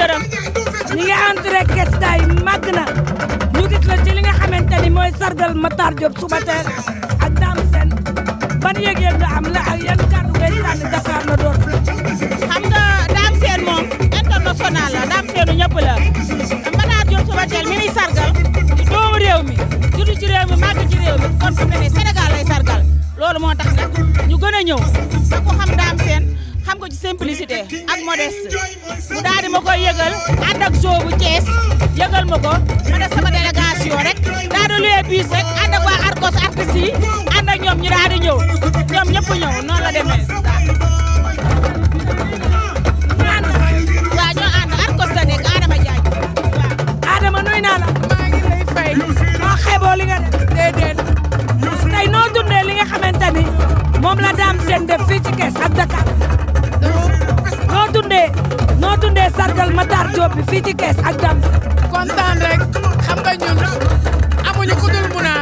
dërëm ñi ngi entré gesta yi na ñu gis la ci li ni mooy sargal Matar Diop suba ak Dame ban yëg-yëg am la ak yan kàddu ngay sànni Dakar la doon. xam nga Dame moom international la Dame Sène ñëpp la Matar Diop mi ngi sargal di réew mi juddu ci réew mi màgg ci réew mi kon fu mu ne Sénégal lay sargal loolu moo tax nag ñu gën a ñëw te ku xam Dame xam ko ci simplicité ak modeste mu daal di ma koy yëgal ànd ak zoo bu Thiès sama délégation rek daal di luwee bus rek ànd ak waa Arcos artistes ñoom ñu daal di ñoom ñëpp ñëw noonu la demee waaw ñoo ànd Arcos la nekk Adama Diagne Adama nuyu naa la maa ngi lay fay moo xeboo li nga def déedéet tey noo dundee li nga xamante ni moom la daam seen def fii ci Kees ak dundee noo sargal Matar Diop bi fii ci kees ak rek xam amuñu ku dul mun a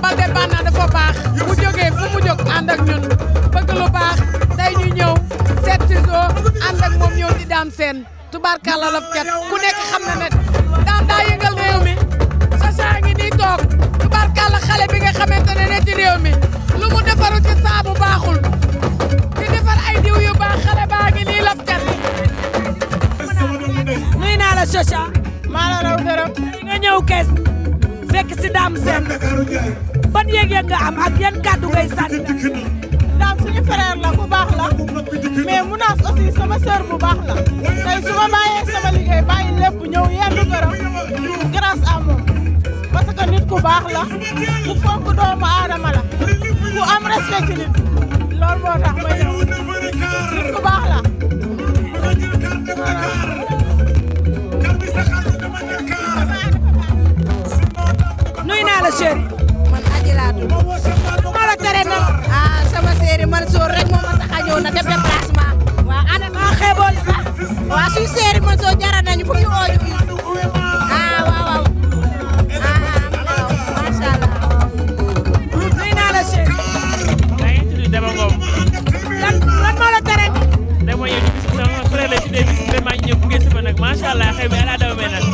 Balde Banna baax mu jógee fu mu jóg ànd ñun bëgg lu baax day ñu seet si soo ànd ak di daam seen tubaarkàlla la cat ku nekk xam na yëngal réew mi sasaa ngi nii toog tubaarkàlla xale bi nga xamante ne ci réew mi lu mu defaru ci saabu baaxul di defar ay diw yu baax xale baa ngi nii laf cat la Socha. maa la raw kees fekk si Dame ban yëg-yëg nga am ak yan kàddu ngay sànni. Dame suñu frère la bu baax la mais Mounas aussi sama sœur bu baax la tey su ma sama liggéey bàyyi lépp ñëw yendu këram grâce à moom parce que nit ku baax la ku fonk doomu aadama la ku am respect ci moo tax ma ñëw nit ku baax la. nuy naa la chéri man aji laa sama chéri ah, man soor rek moo ma tax a na def déplacement waaw ana maa ah, xeeboon sax ah, waaw suñu chéri man soor jara ñu ooju fii macha allah xëy na El Hadj Deme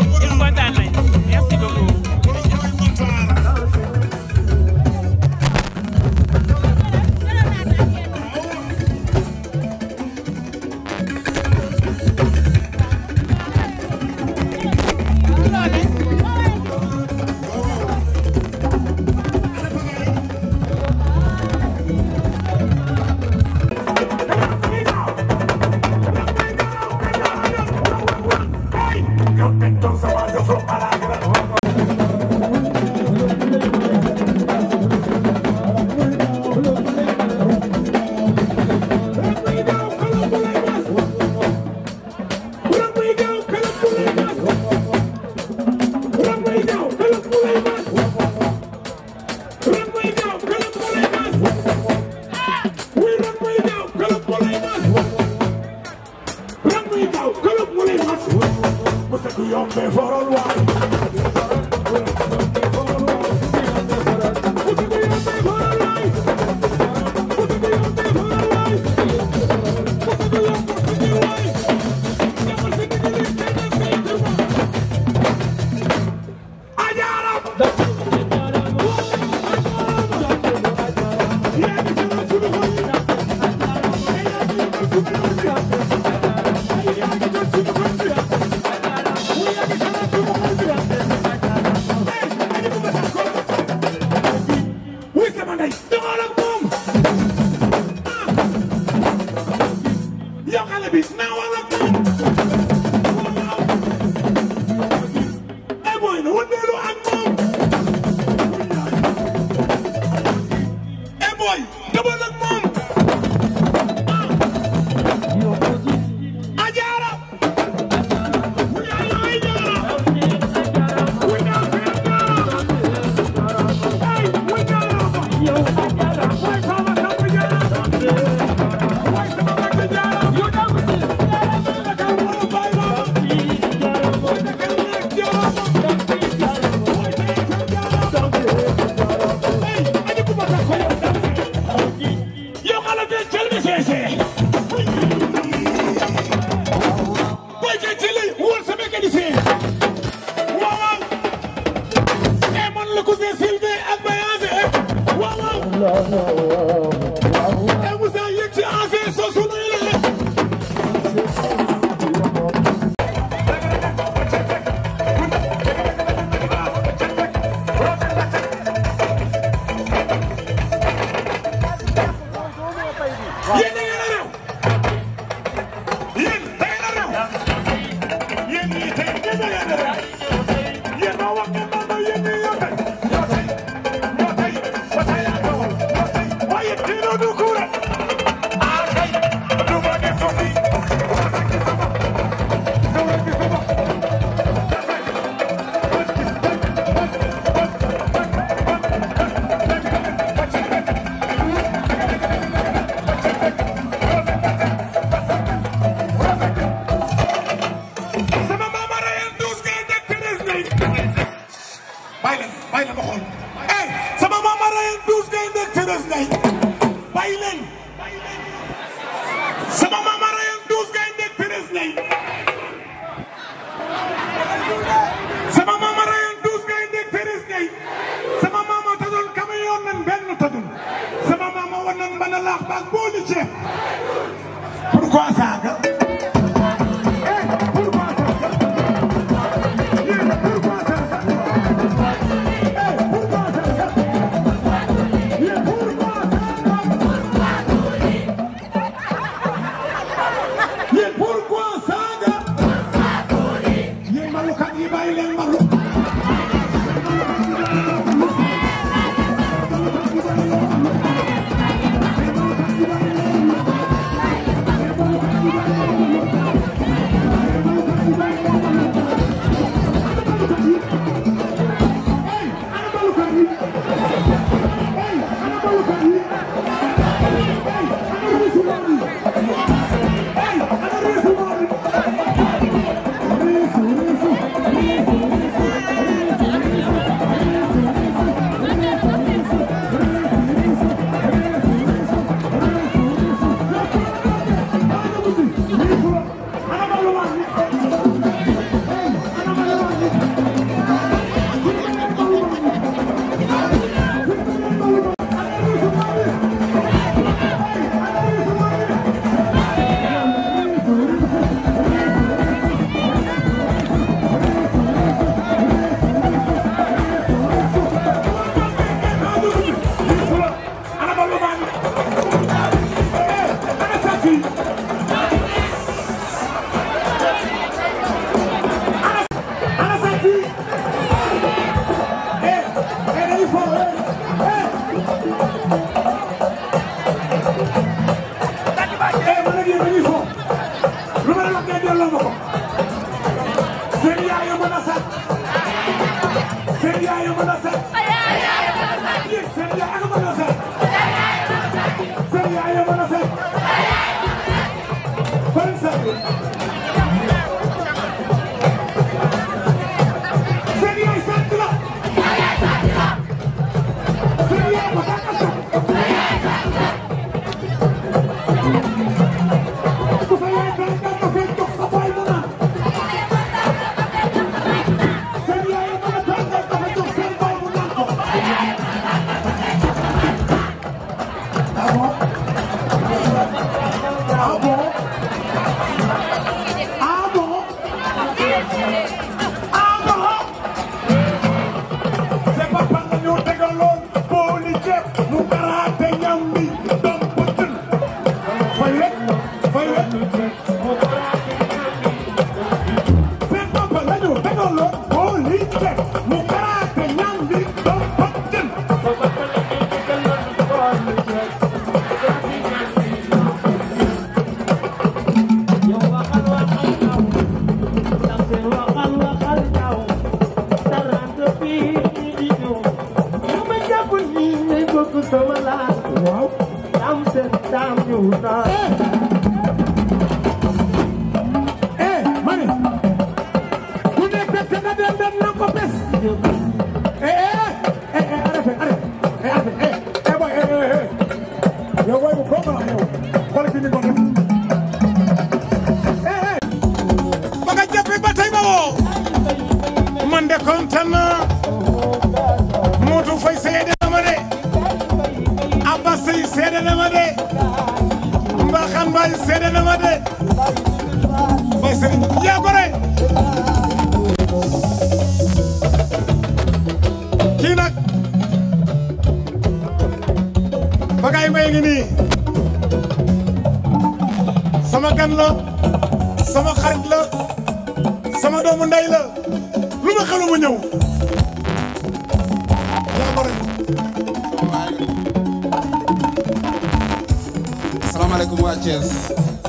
asalaamaaleykum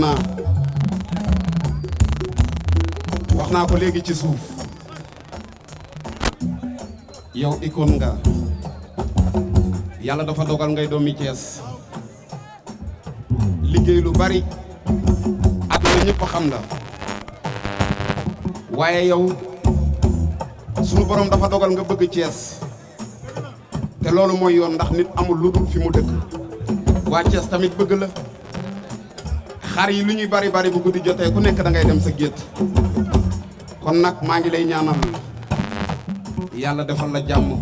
naa wax naa ko léegi ci suuf yow icône nga yàlla dafa dogal ngay doomi Thiès liggéey lu bari ñëpp xam nga waaye yow sunu borom dafa dogal nga bëgg cees te loolu mooy yoon ndax nit amul lu dul fi mu dëkk waa Thiès tamit bëgg la xar yi lu ñuy bari bari bu guddi jotee ku nekk da ngay dem sa gétt kon nag maa ngi lay ñaanal yàlla defal la jàmm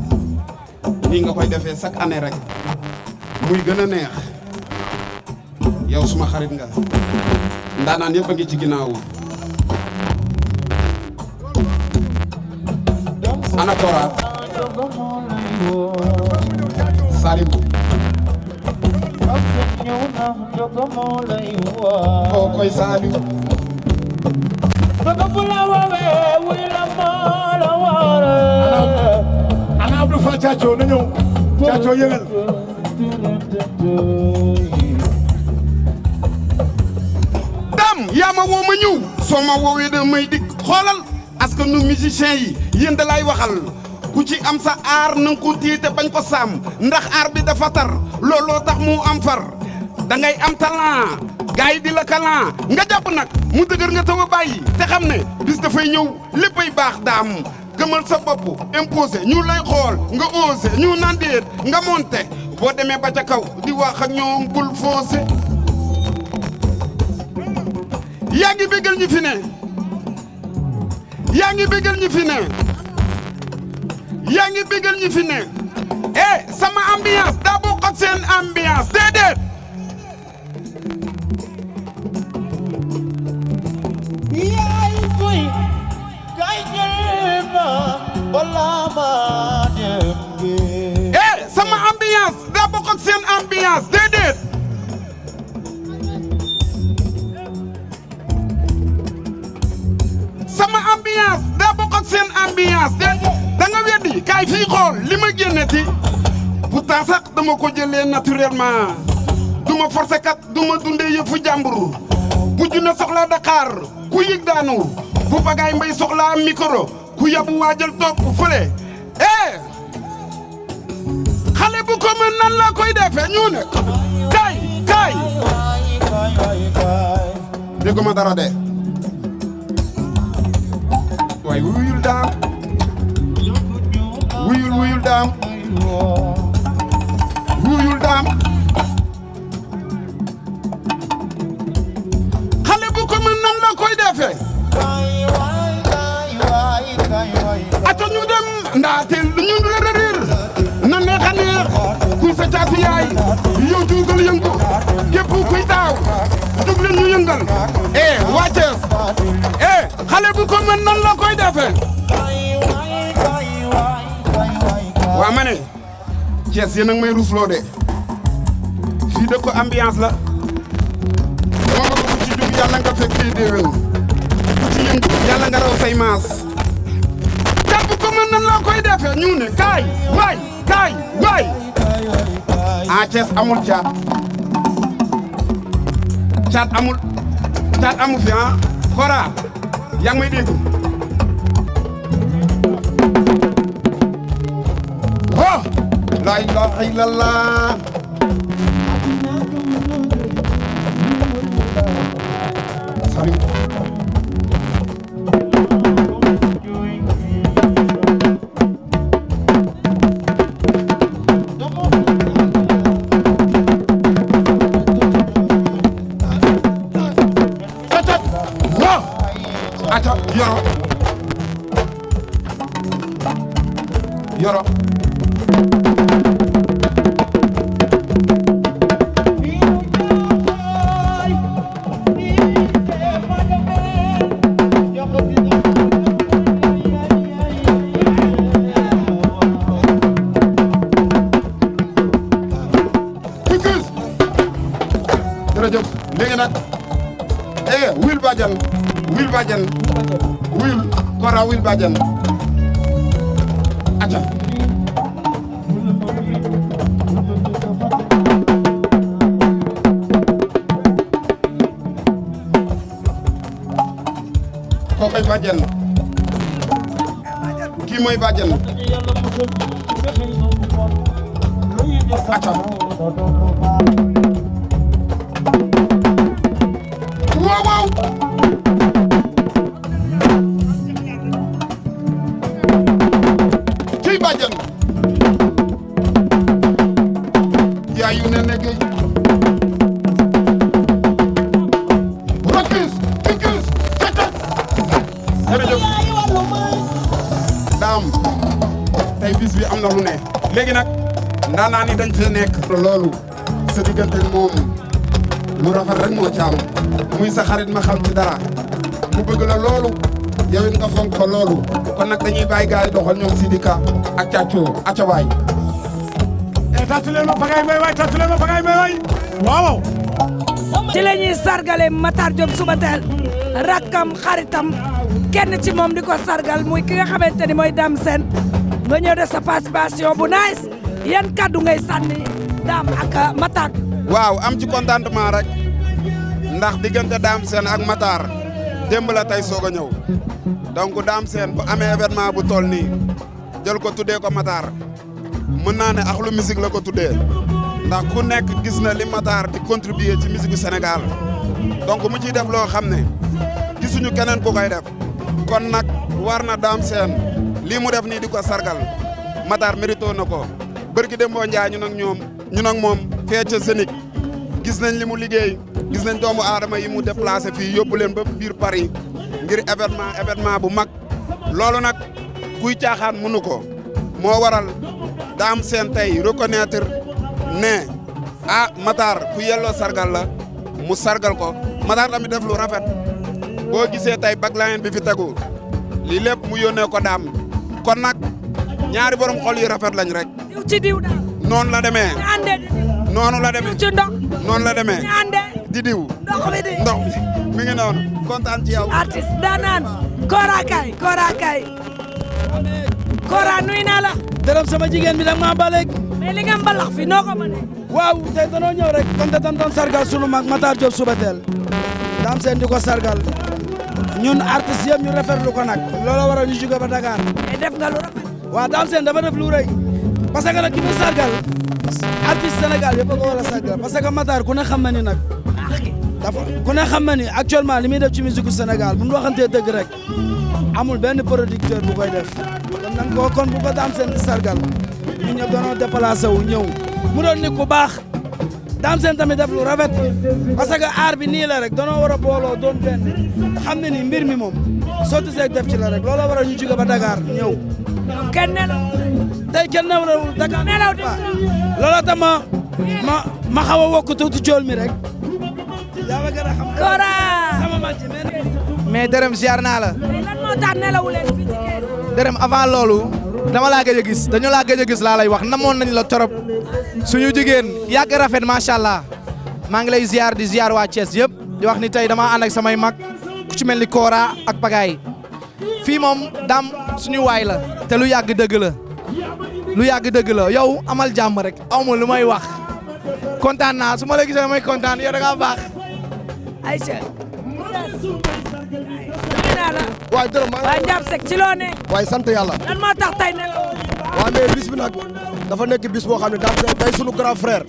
nii nga koy defee chaque année rek muy gën a neex yow suma xarit nga ndaanaan yëpp a ngi ci ginnaawam ana Kora Salimu koo koy Salimu ana Abdou Fall Caacoo na ñëw Caacoo yëgal yaa ma woo ma ñëw soo ma woowee da may dikk xoolal askanu musicien yi yéen da laay waxal ku ci am sa aar na nga ko téye te bañ ko saam ndax aar bi dafa tar looloo tax mu am far da ngay am talent gars yi di la kalan nga jàpp nag mu dëgër nga taw a bàyyi te xam ne bis dafay ñëw léppay baax daam gëmal sa bopp imposé ñu lay xool nga osé ñu naan déet nga monté boo demee ba ca kaw di wax ak ñoom bul foncé yaa ngi bégal ñi fi ne yaa ngi bégal ñi fi ne yaa ngi bégal ñi fi ne eh sama ambiance daa bokk ak seen ambiance déedéet yaay boy kay jël ma wala ma métti pourtant sax dama ko jëlee naturellement du ma forcé kat du ma dundee yëfu jàmbur bu junne soxlaa Dakar ku yëg daanu bu bagaay mbay soxlaa micro ku yabu waajal toog fële eh xale bu ko mën nan laa koy defee ñu ne kaay kaay dégguma dara de waay wuyul daam wuyul wuyul daam woo wuyul daam bu ko mën nan la koy defee ato ñu dem ndaateel ñu la na neex a neex yaay yow juugal yëngu képp kuy daaw jug ñu yëngal eh waa Thiès eh bu ko mën nan la koy defee waa ma ne Thiès yéen may ruusloo de fii ko ambiance la dama bëgg ku ci jug yàlla nga fekk lii déwén ku ci yëngu nga raw say maas jàpp ko mën nan loo koy defee ñu ne kaay waay kaay waay ah amul caat caat amul caat amul fi ah Kora yaa ngi may dégg la ilaha illallah sëriñ Aline Badiane aca kookay Badiane kii mooy Badiane aca ne ne géej rokkis tikis catat jërëjëf daam tey bis bi am na lu ne léegi nag ndaanaan yi dañ ci nekk loolu sa diggante moom lu rafet rek moo ci muy sa xarit ma xam ci dara mu bëgg la loolu yow nga fonk ko loolu nag dañuy bàyyi gars ga doxal ñoom Sidika ak Thiatou Acawaay tàccu leen ma Pagaye Mbaye waay tàccu leen ma Pagaye Mbaye waay waaw. ci la ñuy sargale Matar Diop suba rakkam xaritam kenn ci moom di ko sargal muy ki nga xamante ni mooy Dame Sène nga ñëw def sa participation bu nice yan kaddu ngay sànni Dame ak euh, Matar. waaw am ci contentement rek ndax diggante Dame Sène ak Matar démb la tey soog a ñëw donc Dame Sène bu amee événement bu toll nii jël ko tuddee ko Matar. mën naa ne axlu musique la ko tuddee ndax ku nekk gis na li Matar di contribuer ci musique Sénégal donc mu ciy def loo xam ne gisuñu keneen ko koy def kon nag war na daam seen lii mu def nii di ko sargal Matar mérito na ko bërki dem boo njaay ñu nag ñoom ñu nag moom fee ca Sénic gis nañ li mu liggéey gis nañ doomu aadama yi mu déplacé fii yóbbu leen ba biir Paris ngir événement événement bu mag loolu nag kuy caaxaan nu ko moo waral Dame Sène tey reconnaître ne a ah, Matar ku yelloo sargal la mu sargal ko Matar tamit def rafet boo gisee tey baglayen bi fi tegu lii lépp mu yónnee ko daam kon nag ñaari borom xol yu rafet lañ rek. diw ci diw noonu la demee. noonu la demee. diw ndox. la demee. diw. ndox mi ngi noonu kontaan ci yow. artiste daanaan. Kora Kay Kora Kay. Kora nuy naa la. dërëm sama jigéen bi da maa baleeg. mais li nga mbalax fi noo ko mënee. tey danoo ñëw rek donte dan sunu mag Matar Diop suba teel daam seen di ko sargal ñun artistes yëpp nag loola waral ñu jóge ba Dakar. dafa def lu rëy parce que nag ki muy sargal ko war a sargal parce que Matar ku ne xam na ni nag. Ah, dafa ku ne xam na ni actuellement li muy def ci musique Sénégal bu ñu waxantee dëgg rek amul benn producteur bu koy def. dañ kon bu ko Dame Sène sargal ñu ñëpp dañoo wu ñëw mu doon nit ku baax Dame Sène tamit def parce que aar bi nii la rek danoo war a booloo doon benn xam ne ni mbir mi moom sotti seeg def ci la rek looloo waral ñu jóge ba Dakar ñëw. kenn nelaw tey kenn nelawul Dakar nelaw di ma ma ma xaw jool mi rek. yaa ngi gën naa la. dërëm avant loolu dama laa gëj gis dañu laa gëj gis laa lay wax namoon nañu la torop suñu jigéen yàgg rafet macha allah maa ngi lay ziar di ziar waa Thiès yëpp di wax ni tey dama ànd ak samay mag ku ci mel ni Kora ak Pagaay fii moom daam suñu waay la te lu yàgg dëgg la lu yàgg dëgg la yow amal jàmm rek aw ma lu may wax kontaan naa su ma la gisee damay kontaan yow da ngaa baax. Aïcha. waay dërëm maa waay Ndiab ci loo ne. waay sant yàlla. lan moo tax tey ne la. waaw bis bi nag dafa nekk bis boo xam ne daal day sunu grand frère.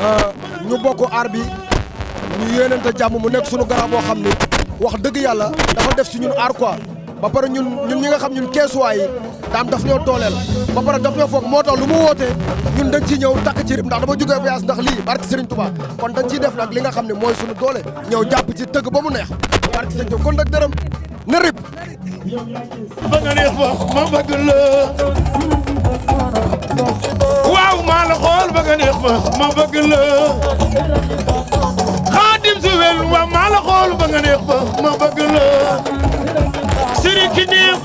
Euh, ñu bokk aar bi ñu yéeneente jàmm mu nekk sunu grand boo xam ne wax dëgg yàlla dafa def si ñun aar quoi ba pare ñun ñun ñi nga xam ñun keesuwaay daam daf ñoo dooleel ba pare daf ñoo foog moo tax lu mu wootee ñun dañ ciy ñëw takk ci rib ndax dama jógee voyage ndax lii barke Serigne Touba kon dañ ciy def nag li nga xam ne mooy suñu doole ñëw jàpp ci tëgg ba mu neex barke Serigne Touba kon nag dërëm na rib ba nga neex ba ma la waaw maa la xool ba nga neex ba si wel waaw maa la xool ba nga neex ba ma bëgg la Serigne ki neex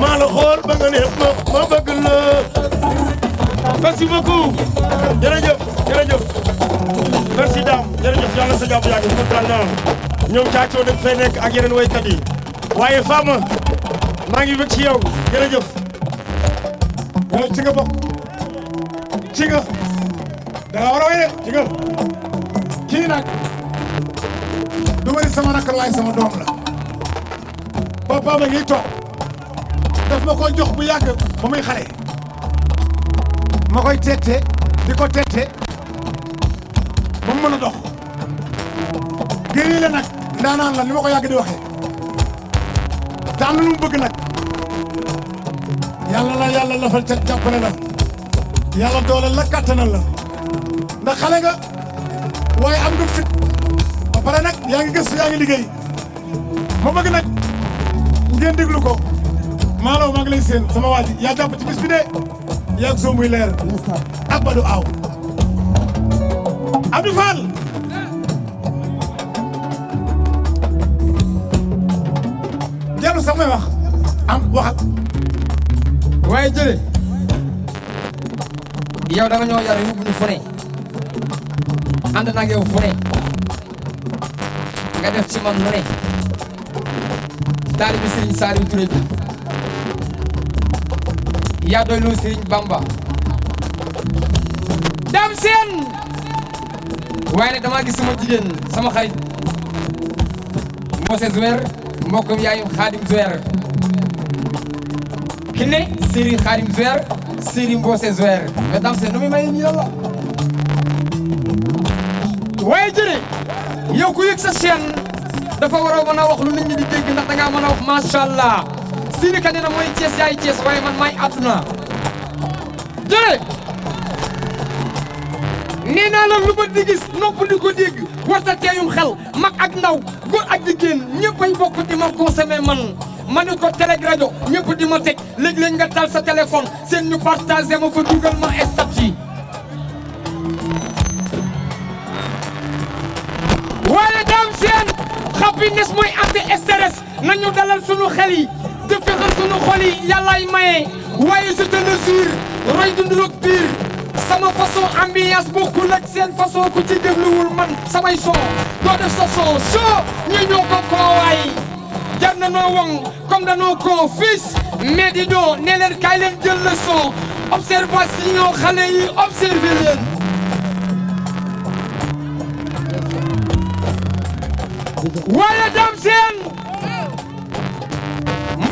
maa la xool ba nga ne ma ma bëgg la merci beaucoup jërëjëf jërëjëf merci Dame jërëjëf yàlla sa jàpp yàgg kontaan naa ñoom caacoo dañ fay nekk ak yeneen waykat yi waaye Fama maa ngi bëgg ci yow jërëjëf yow ci nga bokk ci nga da nga war a ci nga kii nag du ma sama rakk laay sama doom la papaam a ngi toog daf ko jox bu yàgg ba muy xale ma koy tette di ko tette ba mu mën a dox génnee la nag ndaanaan la ni ma ko yàgg di waxee te lu mu bëgg nag yàlla la yàlla lafal ca jàppale la yàlla doole la kàttanal la ndax xale nga waaye am nga fit ba nag yaa ngi gëstu yaa ngi liggéey ma bëgg nag ngeen déglu ko maalaw maa ngi lay seen sama waa yaa jàpp ci bis yaa ngi soo muy leer. ak Badou Aw. Abdou Fall. jarul sax may wax am waxal. waaye jële yow da nga ñoo yar yóbbu ñu fu ne ànd naa ak yow fu def ci man mu ne taalibi Serigne Saliou Touré yaa doylu Sëriñ Bamba dam waaye nag damaa gis sama jigéen sama xarit Mose Zouwer mbokkam yaayum Xaadim Zouwer ki ne Serigne Xaadim Zouwer Serigne Mose Zouwer mais dam seen nu muy maye waaye jëre yow ku yëg sa chaîne dafa war a mën a wax lu nit ñi di dégg ndax da ngaa a wax macha allah Sidi Ka nee na mooy Thiès yaay Thiès waaye man maay àdduna jërëjëf nee naa la lu bët di gis di ko dégg warta teeyum xel mag ak ndaw góor ak jigéen ñëppay bokk di ma consommé man ma ne ko télé rajo ñëpp di ma teg léeg-léeg nga sa téléphone seen ñu partagé ma ko dugal ma statut waaye daam seen happiness mooy anti stress nañu dalal sunu xel te fexal sunu xol maye waaye je roy dunduluk biir sama façon ambiance bokkul ak seen façon ku ci dégluwul man samay son doo def sa soo ñu ñoo koowaay jar na noo woŋ comme danoo koo fiis mais di doo nee leen kaay leen xale yi observé waaye dam seen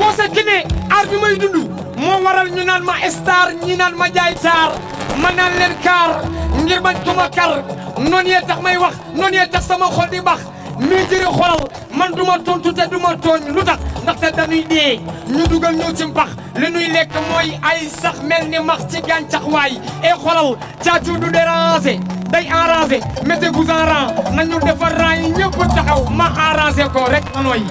constaté ne aar bi may dund moo waral ñu naan ma star ñi naan ma jaay taar ma naan leen kaar ngir bañ ko ma kar yee tax may wax noonu yee tax sama xol di bax mais jëri xolal man du ma tontu te du ma tooñ lu tax ndaxte dañuy dee ñu dugal ñëw ci mpax li nuy lekk mooy ay sax mel ni max ci gàncax waay et xolal caatu du déranger day arranger mettez-vous en rang nañu defar rang yi ñëpp taxaw ma ko rek ma noyyi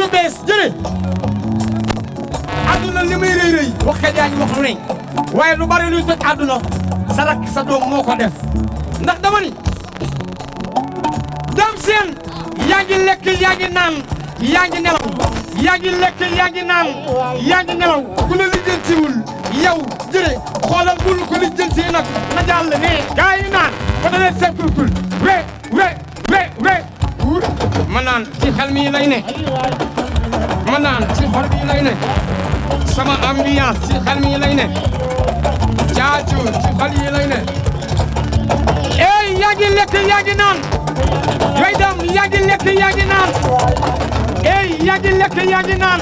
lu bees jëlee adduna li muy rëy rëy wax ka jaañ wax lu ne waaye lu bari luy toj adduna sa sa doom moo ko def ndax dama dam seen yaa ngi lekk yaa ngi naan nelaw yaa lekk yaa ngi naan nelaw ku la lijjantiwul yow jëre xoolal bul ko lijjanti nag na jàll ne gaa yi naan ba da leen seet kulkul we we we we buur ma naan ci xel yi lay ne ma naan ci xol mi lay ne sama ambiance ci xel mi lay ci xol yi lay ne ey yaa ngi lekk yaa ngi naan yooyu daam yaa ngi lekk yaa ngi naan ey yaa ngi lekk yaa ngi naan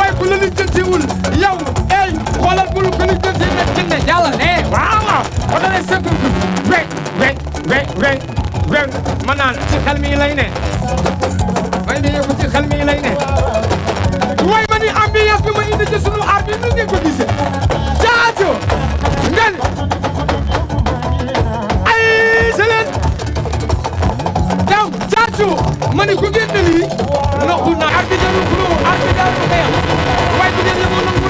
waaye ku la ñu jëntiwul yow ey xoolal bul ku ñu jënti ne jënde yàlla ne waaw waaw ba dana sëgg rek rek rek rek benn ma naan ci xel mi lay ne may de yëfu ci xel mi lay ne way ma ni ambiance bi ma indi ci sunu aar bi nu ngeen ko gisee jaajo ngeen ay seleen daw jaajo ma ni ku génn lii noxu na arbitre bi dañu xuloo arbitre bi dañu xeex way bu ngeen yëgoon